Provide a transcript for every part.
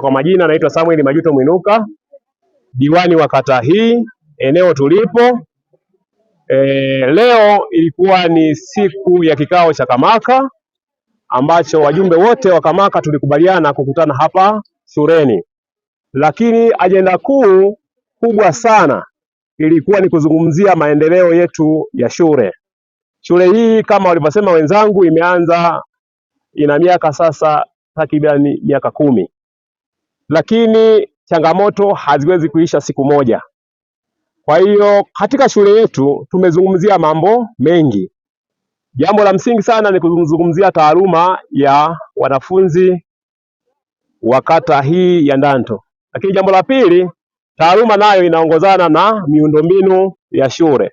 Kwa majina naitwa Samuel Majuto Mwinuka, diwani wa kata hii eneo tulipo. E, leo ilikuwa ni siku ya kikao cha Kamaka ambacho wajumbe wote wa Kamaka tulikubaliana kukutana hapa shuleni, lakini ajenda kuu kubwa sana ilikuwa ni kuzungumzia maendeleo yetu ya shule. Shule hii kama walivyosema wenzangu, imeanza ina miaka sasa takribani miaka kumi lakini changamoto haziwezi kuisha siku moja. Kwa hiyo katika shule yetu tumezungumzia mambo mengi. Jambo la msingi sana ni kuzungumzia taaluma ya wanafunzi wa kata hii ya Ndanto, lakini jambo la pili, taaluma nayo inaongozana na miundombinu ya shule.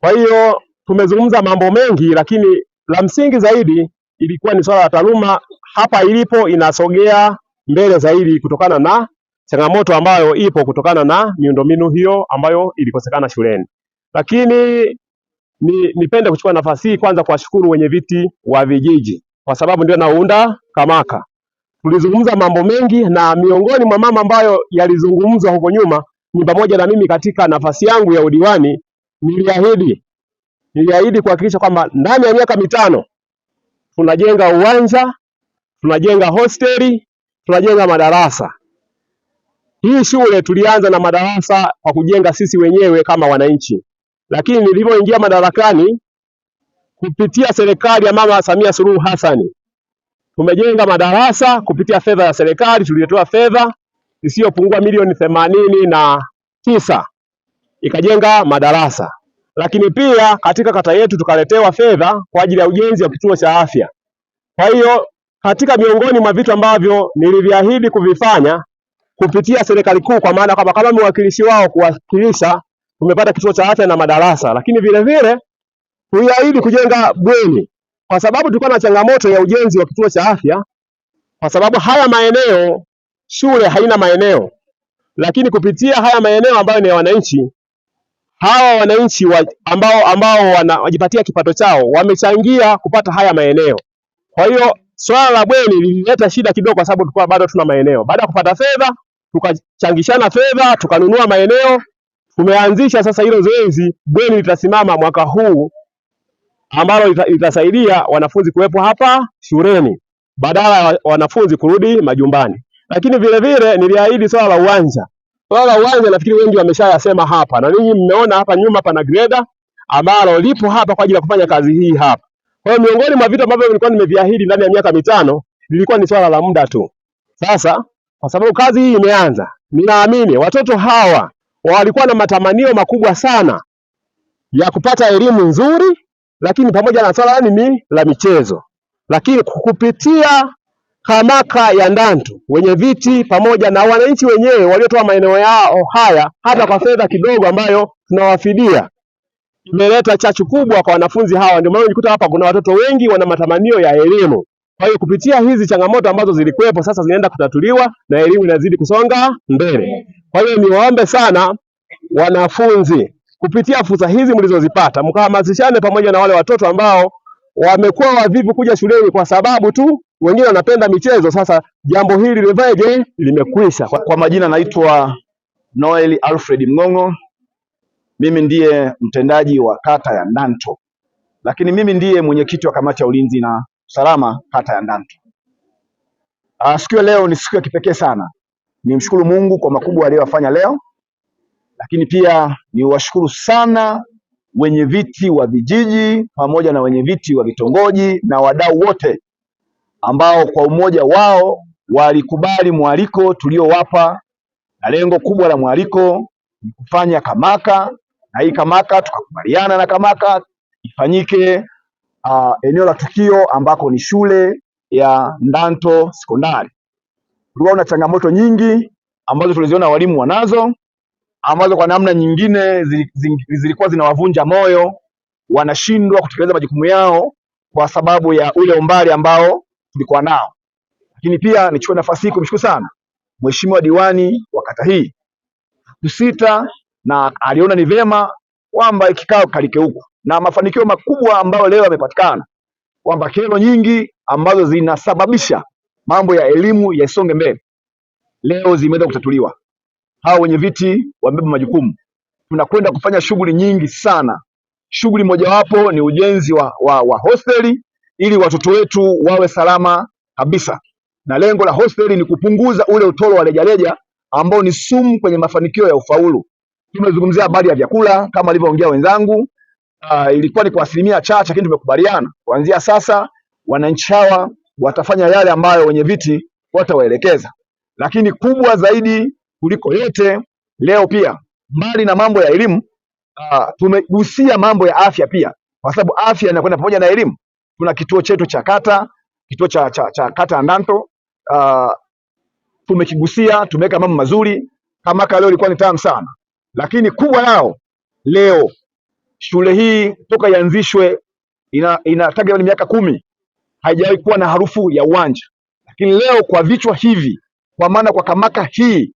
Kwa hiyo tumezungumza mambo mengi, lakini la msingi zaidi ilikuwa ni swala la taaluma hapa ilipo inasogea mbele zaidi kutokana na changamoto ambayo ipo kutokana na miundombinu hiyo ambayo ilikosekana shuleni. Lakini ni, nipende kuchukua nafasi hii kwanza kuwashukuru wenye viti wa vijiji kwa sababu ndio naunda Kamaka. Tulizungumza mambo mengi na miongoni mwa mambo ambayo yalizungumzwa huko nyuma ni pamoja na mimi katika nafasi yangu ya udiwani niliahidi niliahidi kuhakikisha kwamba ndani ya miaka mitano tunajenga uwanja, tunajenga hosteli tunajenga madarasa. Hii shule tulianza na madarasa kwa kujenga sisi wenyewe kama wananchi, lakini nilipoingia madarakani kupitia serikali ya Mama Samia Suluhu Hassani tumejenga madarasa kupitia fedha ya serikali. tuliletewa fedha isiyopungua milioni themanini na tisa ikajenga madarasa, lakini pia katika kata yetu tukaletewa fedha kwa ajili ya ujenzi wa kituo cha afya. Kwa hiyo katika miongoni mwa vitu ambavyo niliviahidi kuvifanya kupitia serikali kuu, kwa maana kwamba kama mwakilishi wao kuwakilisha, tumepata kituo cha afya na madarasa, lakini vile tuliahidi kujenga bweni, kwa sababu tulikuwa na changamoto ya ujenzi wa kituo cha afya, kwa sababu haya maeneo shule haina maeneo, lakini kupitia haya maeneo ambayo ni ya wananchi hawa wananchi wa, ambao, ambao wanajipatia kipato chao wamechangia kupata haya maeneo, kwa hiyo swala la bweni lilileta shida kidogo, kwa sababu tulikuwa bado tuna maeneo. Baada ya kupata fedha, tukachangishana fedha, tukanunua maeneo, tumeanzisha sasa hilo zoezi. Bweni litasimama mwaka huu, ambalo litasaidia wanafunzi kuwepo hapa shuleni badala ya wanafunzi kurudi majumbani. Lakini vilevile niliahidi swala la uwanja. Swala la uwanja nafikiri wengi wameshayasema hapa, na ninyi mmeona hapa nyuma pana greda ambalo lipo hapa kwa ajili ya kufanya kazi hii hapa kwa hiyo miongoni mwa vitu ambavyo nilikuwa nimeviahidi ndani ya miaka mitano lilikuwa ni swala la muda tu. Sasa kwa sababu kazi hii imeanza, ninaamini watoto hawa walikuwa na matamanio makubwa sana ya kupata elimu nzuri, lakini pamoja na swala nini la michezo, lakini kupitia kamaka ya Ndantu wenye viti pamoja na wananchi wenyewe waliotoa maeneo yao haya hata kwa fedha kidogo ambayo tunawafidia imeleta chachu kubwa kwa wanafunzi hawa. Ndio maana unajikuta hapa kuna watoto wengi wana matamanio ya elimu. Kwa hiyo kupitia hizi changamoto ambazo zilikuwepo sasa zinaenda kutatuliwa na elimu inazidi kusonga mbele. Kwa hiyo niwaombe sana wanafunzi, kupitia fursa hizi mlizozipata, mkahamasishane pamoja na wale watoto ambao wamekuwa wavivu kuja shuleni kwa sababu tu wengine wanapenda michezo. Sasa jambo hili revive limekwisha. Kwa, kwa majina naitwa Noel Alfred Mng'ong'o mimi ndiye mtendaji wa kata ya Ndanto, lakini mimi ndiye mwenyekiti wa kamati ya ulinzi na usalama kata ya Ndanto. Ah, siku ya leo ni siku ya kipekee sana. Nimshukuru Mungu kwa makubwa aliyofanya leo, lakini pia niwashukuru sana wenye viti wa vijiji pamoja na wenye viti wa vitongoji na wadau wote ambao kwa umoja wao walikubali mwaliko tuliowapa, na lengo kubwa la mwaliko ni kufanya Kamaka na hii kamaka, tukakubaliana na kamaka ifanyike uh, eneo la tukio ambako ni shule ya Ndanto Sekondari. Kulikuwa na changamoto nyingi ambazo tuliziona walimu wanazo, ambazo kwa namna nyingine zilikuwa zinawavunja moyo, wanashindwa kutekeleza majukumu yao kwa sababu ya ule umbali ambao tulikuwa nao. Lakini pia nichukue nafasi hii kumshukuru sana Mheshimiwa diwani wa kata hii kusita na aliona ni vyema kwamba kikao kalikeuka, na mafanikio makubwa ambayo leo yamepatikana kwamba kero nyingi ambazo zinasababisha mambo ya elimu yasonge mbele leo zimeweza kutatuliwa. Hawa wenye viti wamebeba majukumu. Tunakwenda kufanya shughuli nyingi sana. Shughuli mojawapo ni ujenzi wa, wa, wa hosteli ili watoto wetu wawe salama kabisa, na lengo la hosteli ni kupunguza ule utoro wa rejareja ambao ni sumu kwenye mafanikio ya ufaulu. Tumezungumzia habari ya vyakula kama alivyoongea wenzangu. Uh, ilikuwa ni kwa asilimia chache, lakini tumekubaliana kuanzia sasa wananchi hawa watafanya yale ambayo wenye viti watawaelekeza. Lakini kubwa zaidi kuliko yote leo pia, mbali na mambo ya elimu uh, tumegusia mambo ya afya pia, kwa sababu afya inakwenda pamoja na elimu. Tuna kituo chetu cha kata, kituo cha, cha, cha kata ya Ndanto uh, tumekigusia, tumeweka mambo mazuri. Kamaka leo ilikuwa ni tamu sana lakini kubwa lao leo, shule hii toka ianzishwe ina, ina takriban miaka kumi haijawahi kuwa na harufu ya uwanja, lakini leo kwa vichwa hivi, kwa maana kwa kamaka hii,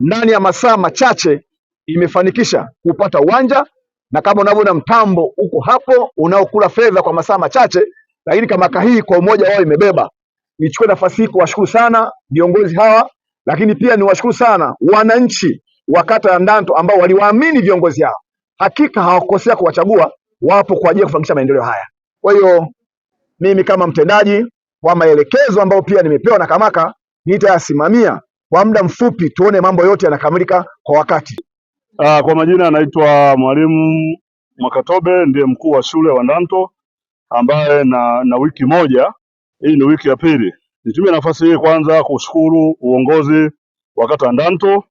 ndani ya masaa machache imefanikisha kupata uwanja, na kama unavyoona mtambo uko hapo unaokula fedha kwa masaa machache, lakini kamaka hii kwa umoja wao imebeba. Nichukue nafasi hii kuwashukuru sana viongozi hawa, lakini pia niwashukuru sana wananchi wa kata ya Ndanto ambao waliwaamini viongozi hao, hakika hawakukosea kuwachagua, wapo kwa ajili ya kufanikisha maendeleo haya. Kwa hiyo mimi kama mtendaji kwa maelekezo ambayo pia nimepewa na Kamaka nitayasimamia kwa muda mfupi, tuone mambo yote yanakamilika kwa wakati. Aa, ah, kwa majina anaitwa Mwalimu Mwakatobe, ndiye mkuu wa shule wa Ndanto ambaye na, na wiki moja hii ni wiki ya pili. Nitumie nafasi hii kwanza kushukuru uongozi wa kata Ndanto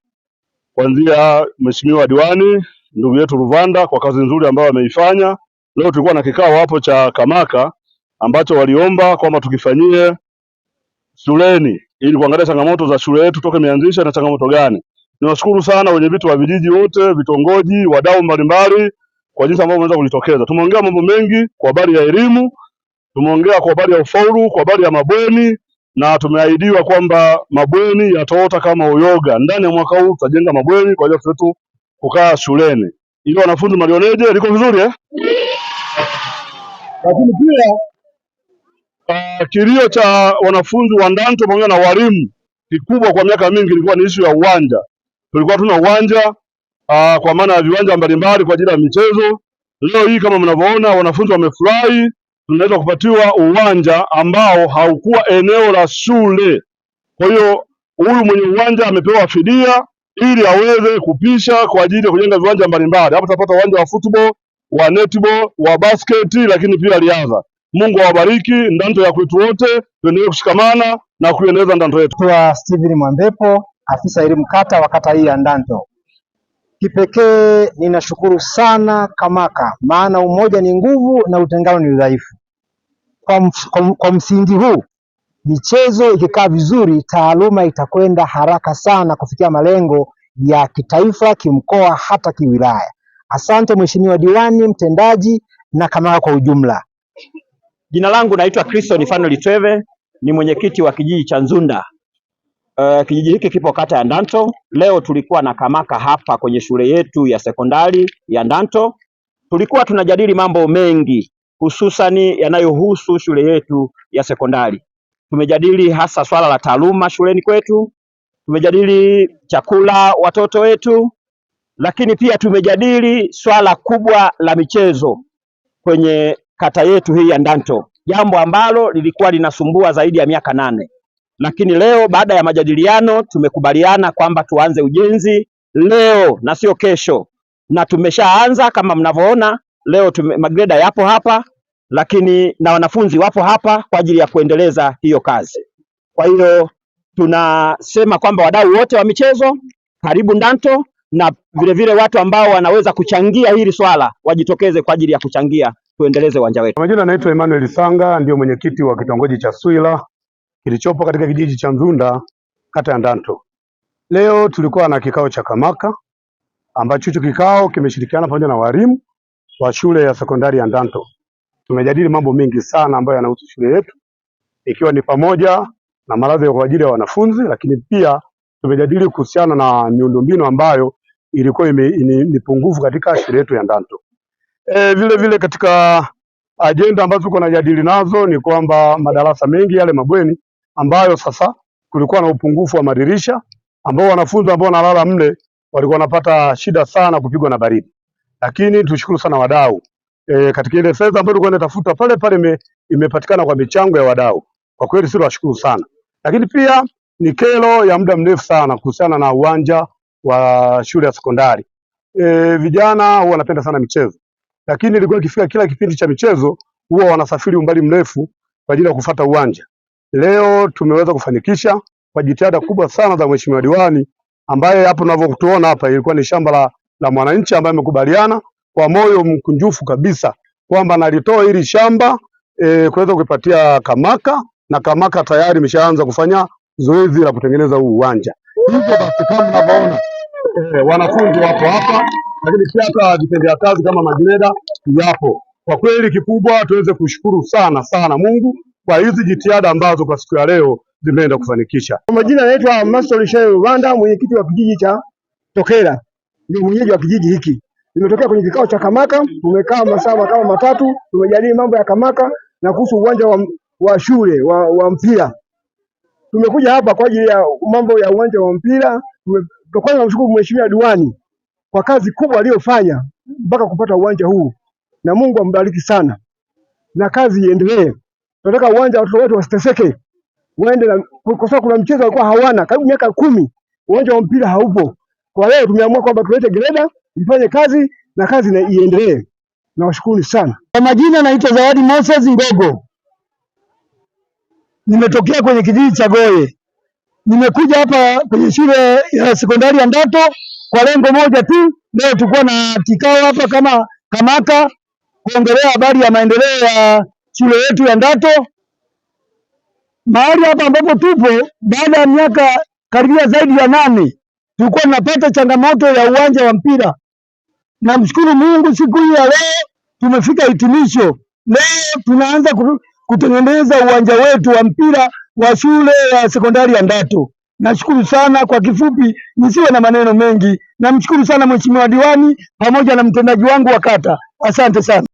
kuanzia mheshimiwa diwani ndugu yetu Ruvanda kwa kazi nzuri ambayo ameifanya. Leo tulikuwa na kikao hapo cha Kamaka ambacho waliomba kwamba tukifanyie shuleni ili kuangalia changamoto za shule yetu toka imeanzisha na changamoto gani. Niwashukuru sana wenye vitu wa vijiji wote, vitongoji, wadau mbalimbali kwa jinsi ambavyo wameweza kujitokeza. Tumeongea mambo mengi kwa habari ya elimu, tumeongea kwa habari ya ufaulu, kwa habari ya mabweni na tumeahidiwa kwamba mabweni yataota kama uyoga. Ndani ya mwaka huu tutajenga mabweni kwa ajili ya watoto kukaa shuleni. Ili wanafunzi malioneje, liko vizuri eh? Lakini pia uh, kilio cha wanafunzi wa Ndanto pamoja na walimu kikubwa kwa miaka mingi ilikuwa ni ishu ya uwanja. Tulikuwa tuna uwanja uh, kwa maana ya viwanja mbalimbali kwa ajili ya michezo. Leo hii kama mnavyoona, wanafunzi wamefurahi tunaweza kupatiwa uwanja ambao haukuwa eneo la shule. Kwa hiyo huyu mwenye uwanja amepewa fidia ili aweze kupisha kwa ajili ya kujenga viwanja mbalimbali. Hapo tutapata uwanja wa football, wa netball, wa basketi, lakini pia riadha. Mungu awabariki. Ndanto ya kwetu wote, tuendelee kushikamana na kuendeleza ndanto yetu. Kwa Steven Mwambepo, afisa elimu kata wa kata hii ya Ndanto. Kipekee ninashukuru sana Kamaka, maana umoja ni nguvu na utengano ni udhaifu. Kwa, kwa, kwa msingi huu michezo ikikaa vizuri, taaluma itakwenda haraka sana kufikia malengo ya kitaifa, kimkoa, hata kiwilaya. Asante Mheshimiwa diwani mtendaji na Kamaka kwa ujumla. Jina langu naitwa kristo Fanuel litweve ni mwenyekiti wa kijiji cha Nzunda Uh, kijiji hiki kipo kata ya Ndanto. Leo tulikuwa na kamaka hapa kwenye shule yetu ya sekondari ya Ndanto. Tulikuwa tunajadili mambo mengi hususani yanayohusu shule yetu ya sekondari. Tumejadili hasa swala la taaluma shuleni kwetu, tumejadili chakula watoto wetu, lakini pia tumejadili swala kubwa la michezo kwenye kata yetu hii ya Ndanto, jambo ambalo lilikuwa linasumbua zaidi ya miaka nane. Lakini leo baada ya majadiliano tumekubaliana kwamba tuanze ujenzi leo na sio kesho, na tumeshaanza kama mnavyoona leo tume, magreda yapo hapa, lakini na wanafunzi wapo hapa kwa ajili ya kuendeleza hiyo kazi. Kwa hiyo tunasema kwamba wadau wote wa michezo karibu Ndanto na vilevile watu ambao wanaweza kuchangia hili swala wajitokeze kwa ajili ya kuchangia tuendeleze uwanja wetu. Majina anaitwa Emmanuel Sanga, ndio mwenyekiti wa kitongoji cha Swila kilichopo katika kijiji cha Mzunda kata ya Ndanto. Leo tulikuwa na kikao cha Kamaka ambacho hicho kikao kimeshirikiana pamoja na walimu wa shule ya sekondari ya Ndanto. Tumejadili mambo mengi sana ambayo yanahusu shule yetu ikiwa ni pamoja na maradhi kwa ajili ya wanafunzi, lakini pia tumejadili kuhusiana na miundombinu ambayo ilikuwa ni pungufu katika shule yetu ya Ndanto. E, vile vile katika ajenda ambazo tuko najadili nazo ni kwamba madarasa mengi yale mabweni ambayo sasa kulikuwa na upungufu wa madirisha ambao wanafunzi ambao wanalala mle walikuwa wanapata shida sana kupigwa na baridi. Lakini tushukuru sana wadau e, katika ile fedha ambayo tulikuwa tunatafuta pale pale ime, imepatikana kwa michango ya wadau. Kwa kweli sisi tunashukuru sana. Lakini pia ni kero ya muda mrefu sana kuhusiana na uwanja wa shule ya sekondari. E, vijana huwa wanapenda sana michezo. Lakini ilikuwa ikifika kila kipindi cha michezo huwa wanasafiri umbali mrefu kwa ajili ya kufuata uwanja. Leo tumeweza kufanikisha kwa jitihada mm. kubwa sana za mheshimiwa diwani, ambaye hapo tunavyotuona hapa ilikuwa ni shamba la, la mwananchi ambaye amekubaliana kwa moyo mkunjufu kabisa kwamba nalitoa hili shamba e, kuweza kuipatia Kamaka na Kamaka tayari imeshaanza kufanya zoezi la kutengeneza huu uwanja. Hivyo basi kama mnavyoona e, wanafunzi wapo hapa, lakini pia hata vitendea kazi kama majireda yapo. Kwa kweli kikubwa tuweze kushukuru sana sana Mungu kwa hizi jitihada ambazo kwa siku ya leo zimeenda kufanikisha. Kwa majina yanaitwa Mastori Shehe Rwanda, mwenyekiti wa kijiji cha Tokera, ndio mwenyeji wa kijiji hiki. Nimetokea kwenye kikao cha Kamaka, tumekaa masaa kama matatu, tumejadili mambo ya Kamaka na kuhusu uwanja wa, wa shule wa, wa mpira. Tumekuja hapa kwa ajili ya mambo ya uwanja wa mpira. Tume, namshukuru Mheshimiwa Diwani kwa kazi kubwa aliyofanya mpaka kupata uwanja huu, na Mungu ambariki sana, na kazi iendelee tunataka uwanja watoto wetu wasiteseke, waende na, kwa sababu kuna mchezo walikuwa hawana karibu miaka kumi, uwanja wa mpira haupo. Kwa leo tumeamua kwamba tulete greda ifanye kazi na kazi na iendelee. Nawashukuru sana kwa majina, naitwa Zawadi Moses Ngogo, nimetokea kwenye kijiji cha Goye. Nimekuja hapa kwenye shule ya sekondari ya Ndato kwa lengo moja tu. Leo tulikuwa na kikao hapa kama kamaka kuongelea habari ya maendeleo ya shule yetu ya Ndato, mahali hapa ambapo tupo. Baada ya miaka karibia zaidi ya nane, tulikuwa tunapata changamoto ya uwanja wa mpira. Namshukuru Mungu, siku hii ya leo tumefika hitimisho. Leo tunaanza kutengeneza uwanja wetu wa mpira wa shule ya sekondari ya Ndato. Nashukuru sana. Kwa kifupi, nisiwe na maneno mengi, namshukuru sana mheshimiwa diwani pamoja na mtendaji wangu wa kata. Asante sana.